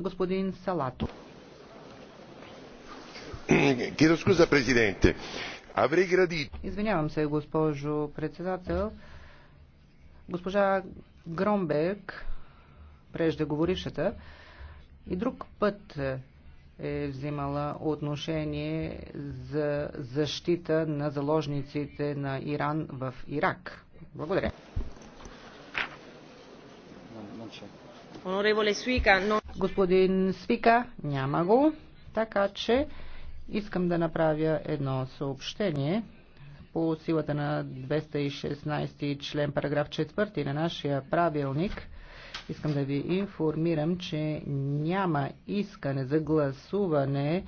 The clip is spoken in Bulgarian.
господин Салато. Извинявам се, госпожо председател. Госпожа Громберг, преждеговорившата, и друг път е взимала отношение за защита на заложниците на Иран в Ирак. Благодаря. Honorevole Suica, non... Господин Свика няма го, така че искам да направя едно съобщение по силата на 216 член параграф 4 на нашия правилник. Искам да ви информирам, че няма искане за гласуване